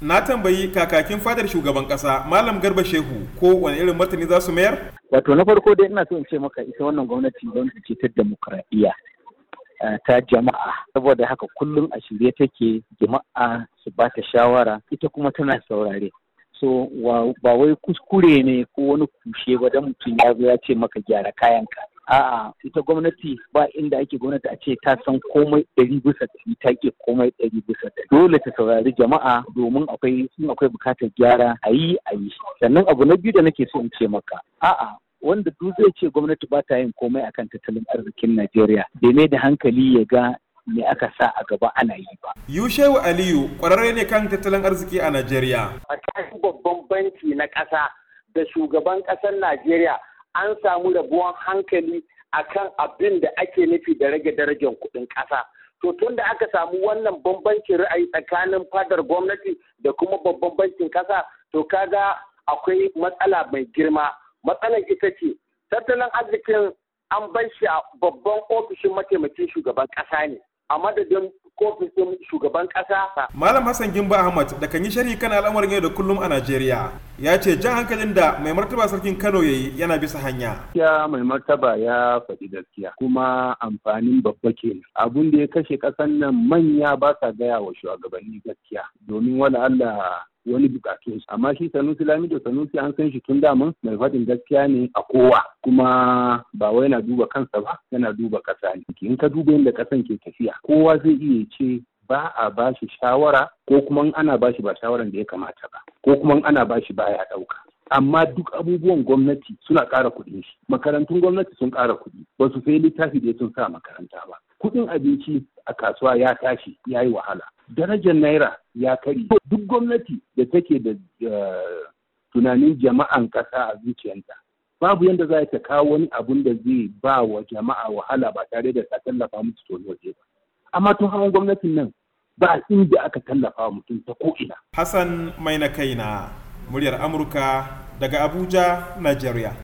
na tambayi kakakin fadar shugaban kasa malam garba shehu ko wani irin martani za su mayar wato na farko dai ina so in ce maka ita wannan gwamnati don ce ta demokradiyya eh, ta jama'a saboda haka kullum a shirye take jama'a su ba ta shawara ita kuma tana saurare so ba wai kuskure ne ko wani kushe ba don mutum ya zo ya ce maka gyara kayanka a'a ita gwamnati ba inda ake gwamnati a ce ta san komai ɗari bisa ɗari ta ke komai ɗari bisa ɗari dole ta saurari jama'a domin akwai sun akwai bukatar gyara a yi a yi sannan abu na biyu da nake so in ce maka a'a wanda duk zai ce gwamnati ba ta yin komai akan tattalin arzikin Najeriya da mai da hankali ya ga me aka sa a gaba ana yi ba. Yushewu Aliyu ƙwararre ne kan tattalin arziki a Najeriya. A babban banki na ƙasa da shugaban ƙasar Najeriya an samu rabuwan hankali a kan abin da ake nufi da rage darajar kuɗin ƙasa. To tun da aka samu wannan bambancin ra'ayi tsakanin fadar gwamnati da kuma babban bankin ƙasa, to kaga akwai matsala mai girma. Matsalar ita ce, tattalin arzikin an bar shi a babban ofishin mataimakin shugaban ƙasa ne. A madadin ofishin shugaban ƙasa. Malam Hassan Gimba Ahmad da kan yi shari'a kan al'amarin yau da kullum a Najeriya. ya ce jan hankalin da mai martaba sarkin kano ya yi yana bisa hanya. ya mai martaba ya faɗi gaskiya kuma amfanin babba ke abun da ya kashe ƙasan nan manya ba sa gaya wa shugabanni gaskiya domin wani allah wani bukatu amma shi sanusi Lami da sanusi an san shi tun daman mai faɗin gaskiya ne a kowa kuma ba wai yana duba kansa ba yana duba ƙasa ne in ka duba yadda ƙasan ke tafiya kowa zai iya ce ba a bashi shawara ko kuma ana bashi ba shawaran da ya kamata ba ko kuma ana bashi baya ɗauka. amma duk abubuwan gwamnati suna ƙara kuɗin shi makarantun gwamnati sun ƙara kuɗi ba su sai littafi da sun sa makaranta ba kuɗin abinci a kasuwa ya tashi ya yi wahala darajar naira ya kari duk gwamnati da take da tunanin jama'an ƙasa a zuciyanta babu yadda za ta kawo wani abun da zai ba wa jama'a wahala ba tare da ta tallafa musu tono ba amma tun hawan gwamnatin nan ba inda aka tallafa mutum ta ko'ina. Hassan mai na na muryar Amurka daga Abuja, Najeriya.